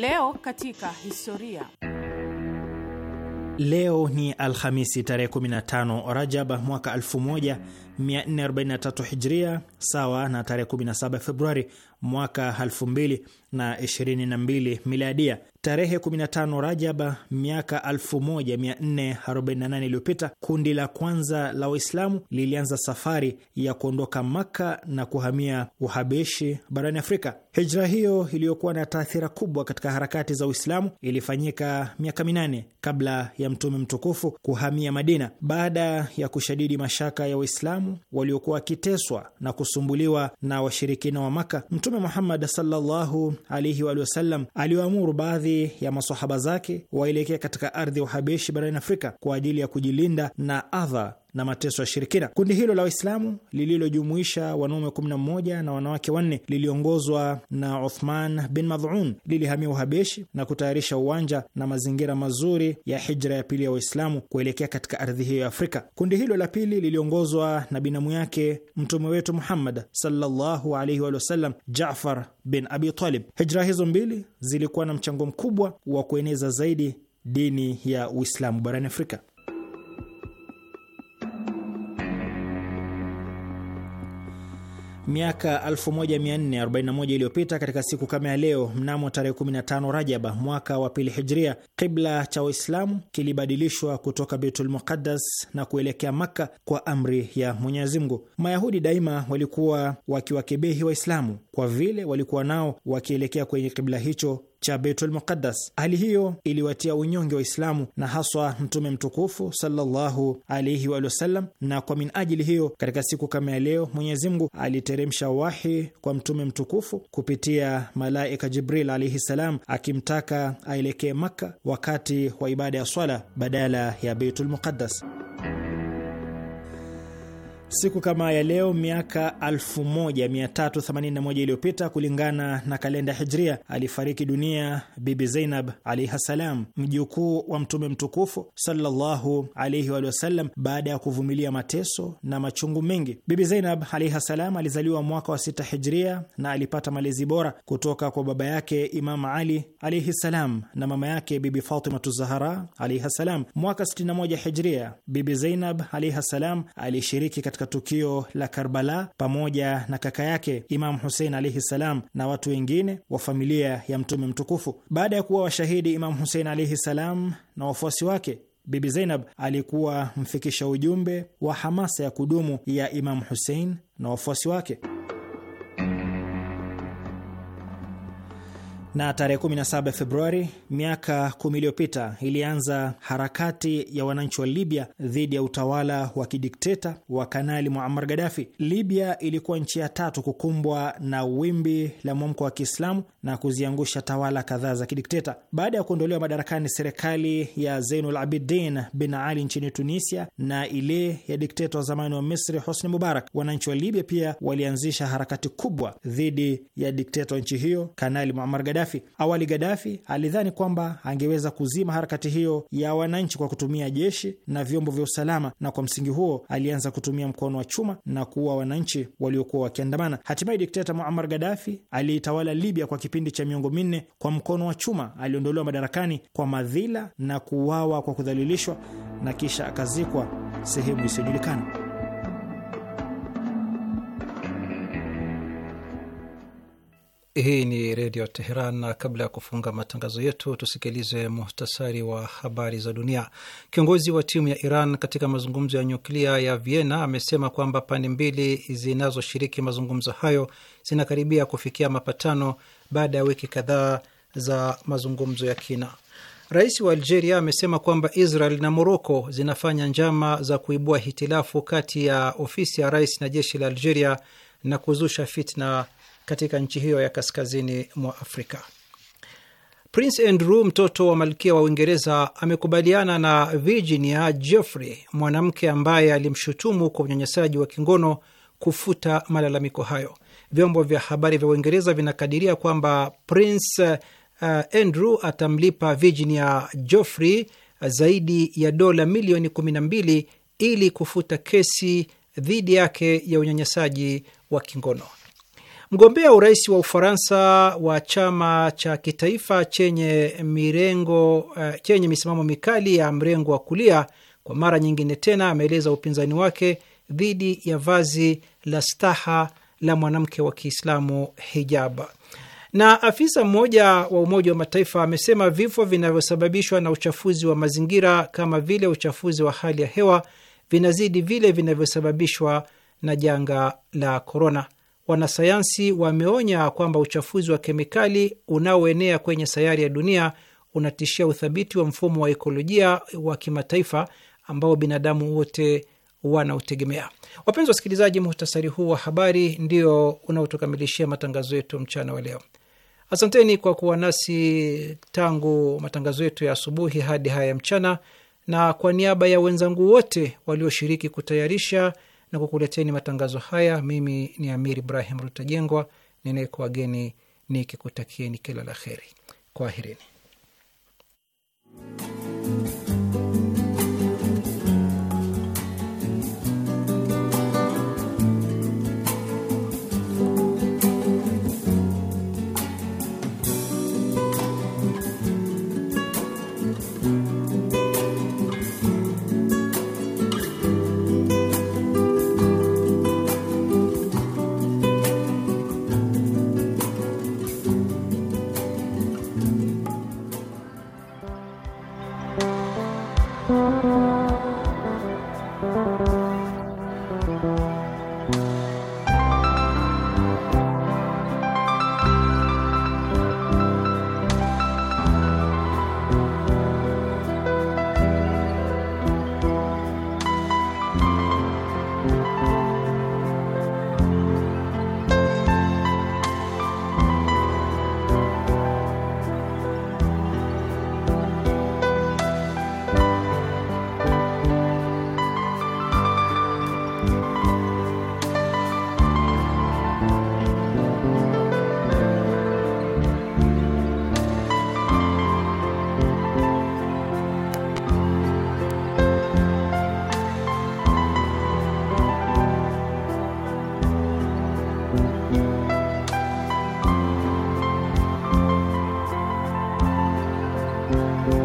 Leo katika historia. Leo ni Alhamisi tarehe 15 Rajab mwaka 443 hijria sawa na tarehe 17 Februari mwaka 2022 miladia. Tarehe 15 rajab miaka 1448 iliyopita, kundi la kwanza la Waislamu lilianza safari ya kuondoka Makka na kuhamia Uhabeshi barani Afrika. Hijra hiyo iliyokuwa na taathira kubwa katika harakati za Uislamu ilifanyika miaka minane kabla ya Mtume mtukufu kuhamia Madina. Baada ya kushadidi mashaka ya Waislamu Waislamu waliokuwa wakiteswa na kusumbuliwa na washirikina wa Maka, Mtume Muhammad sallallahu alaihi wa sallam aliwaamuru baadhi ya masahaba zake waelekea katika ardhi ya Uhabeshi barani Afrika kwa ajili ya kujilinda na adha na mateso ya shirikina. Kundi hilo la Waislamu lililojumuisha wanaume 11 na wanawake wanne liliongozwa na Uthman bin Madhun lilihamia Uhabeshi na kutayarisha uwanja na mazingira mazuri ya hijra ya pili ya Waislamu kuelekea katika ardhi hiyo ya Afrika. Kundi hilo la pili liliongozwa na binamu yake mtume wetu Muhammad sallallahu alaihi wa sallam, Jafar bin Abi Talib. Hijra hizo mbili zilikuwa na mchango mkubwa wa kueneza zaidi dini ya Uislamu barani Afrika. miaka 1441 iliyopita katika siku kama ya leo, mnamo tarehe 15 Rajaba mwaka wa pili Hijria, kibla cha Waislamu kilibadilishwa kutoka Beitul Muqaddas na kuelekea Makka kwa amri ya Mwenyezi Mungu. Mayahudi daima walikuwa wakiwakebehi Waislamu kwa vile walikuwa nao wakielekea kwenye kibla hicho cha Beitul Muqaddas. Hali hiyo iliwatia unyonge Waislamu na haswa Mtume mtukufu sallallahu alaihi wa sallam, na kwa min ajili hiyo katika siku kama ya leo Mwenyezi Mungu aliteremsha wahi kwa Mtume mtukufu kupitia malaika Jibril alaihi salam, akimtaka aelekee Makka wakati wa ibada ya swala badala ya Beitul Muqaddas. Siku kama ya leo miaka 1381 iliyopita kulingana na kalenda Hijria, alifariki dunia Bibi Zainab alaiha salam, mjukuu wa Mtume mtukufu sallallahu alaihi wa sallam, baada ya kuvumilia mateso na machungu mengi. Bibi Zainab alaiha salam alizaliwa mwaka wa sita Hijria na alipata malezi bora kutoka kwa baba yake Imam Ali alaihi salam na mama yake Bibi Fatimatu Zahara alaiha salam. Mwaka 61 Hijria, Bibi Zainab alaiha salam alishiriki katika katika tukio la Karbala pamoja na kaka yake Imam Husein alaihi salam na watu wengine wa familia ya Mtume mtukufu. Baada ya kuwa washahidi Imam Husein alaihi salam na wafuasi wake, Bibi Zainab alikuwa mfikisha ujumbe wa hamasa ya kudumu ya Imam Husein na wafuasi wake. na tarehe 17 Februari miaka kumi iliyopita ilianza harakati ya wananchi wa Libya dhidi ya utawala wa kidikteta wa Kanali Muammar Gaddafi. Libya ilikuwa nchi ya tatu kukumbwa na wimbi la mwamko wa Kiislamu na kuziangusha tawala kadhaa za kidikteta. Baada ya kuondolewa madarakani serikali ya Zainul Abidin bin Ali nchini Tunisia na ile ya dikteta wa zamani wa Misri Hosni Mubarak, wananchi wa Libya pia walianzisha harakati kubwa dhidi ya dikteta wa nchi hiyo Kanali Muammar Gaddafi. Gaddafi. Awali Gaddafi alidhani kwamba angeweza kuzima harakati hiyo ya wananchi kwa kutumia jeshi na vyombo vya usalama, na kwa msingi huo alianza kutumia mkono wa chuma na kuua wananchi waliokuwa wakiandamana. Hatimaye dikteta Muammar Gaddafi aliitawala Libya kwa kipindi cha miongo minne kwa mkono wa chuma. Aliondolewa madarakani kwa madhila na kuuawa kwa kudhalilishwa na kisha akazikwa sehemu isiyojulikana. Hii ni Redio Teheran, na kabla ya kufunga matangazo yetu tusikilize muhtasari wa habari za dunia. Kiongozi wa timu ya Iran katika mazungumzo ya nyuklia ya Vienna amesema kwamba pande mbili zinazoshiriki mazungumzo hayo zinakaribia kufikia mapatano baada ya wiki kadhaa za mazungumzo ya kina. Rais wa Algeria amesema kwamba Israel na Moroko zinafanya njama za kuibua hitilafu kati ya ofisi ya rais na jeshi la Algeria na kuzusha fitna katika nchi hiyo ya kaskazini mwa Afrika. Prince Andrew, mtoto wa malkia wa Uingereza, amekubaliana na Virginia Jeffrey, mwanamke ambaye alimshutumu kwa unyanyasaji wa kingono, kufuta malalamiko hayo. Vyombo vya habari vya Uingereza vinakadiria kwamba Prince uh, Andrew atamlipa Virginia Jeffrey zaidi ya dola milioni 12 ili kufuta kesi dhidi yake ya unyanyasaji wa kingono. Mgombea urais wa Ufaransa wa chama cha kitaifa chenye mirengo uh, chenye misimamo mikali ya mrengo wa kulia kwa mara nyingine tena ameeleza upinzani wake dhidi ya vazi la staha la mwanamke wa Kiislamu hijab Na afisa mmoja wa Umoja wa Mataifa amesema vifo vinavyosababishwa na uchafuzi wa mazingira kama vile uchafuzi wa hali ya hewa vinazidi vile vinavyosababishwa na janga la korona wanasayansi wameonya kwamba uchafuzi wa kemikali unaoenea kwenye sayari ya dunia unatishia uthabiti wa mfumo wa ekolojia wa kimataifa ambao binadamu wote wanaotegemea. Wapenzi wasikilizaji, muhtasari huu wa habari ndio unaotukamilishia matangazo yetu mchana wa leo. Asanteni kwa kuwa nasi tangu matangazo yetu ya asubuhi hadi haya ya mchana, na kwa niaba ya wenzangu wote walioshiriki kutayarisha na kukuleteni matangazo haya. Mimi ni Amir Ibrahim Rutajengwa ninayekuwageni nikikutakieni kila la heri. Kwaherini. Thank you.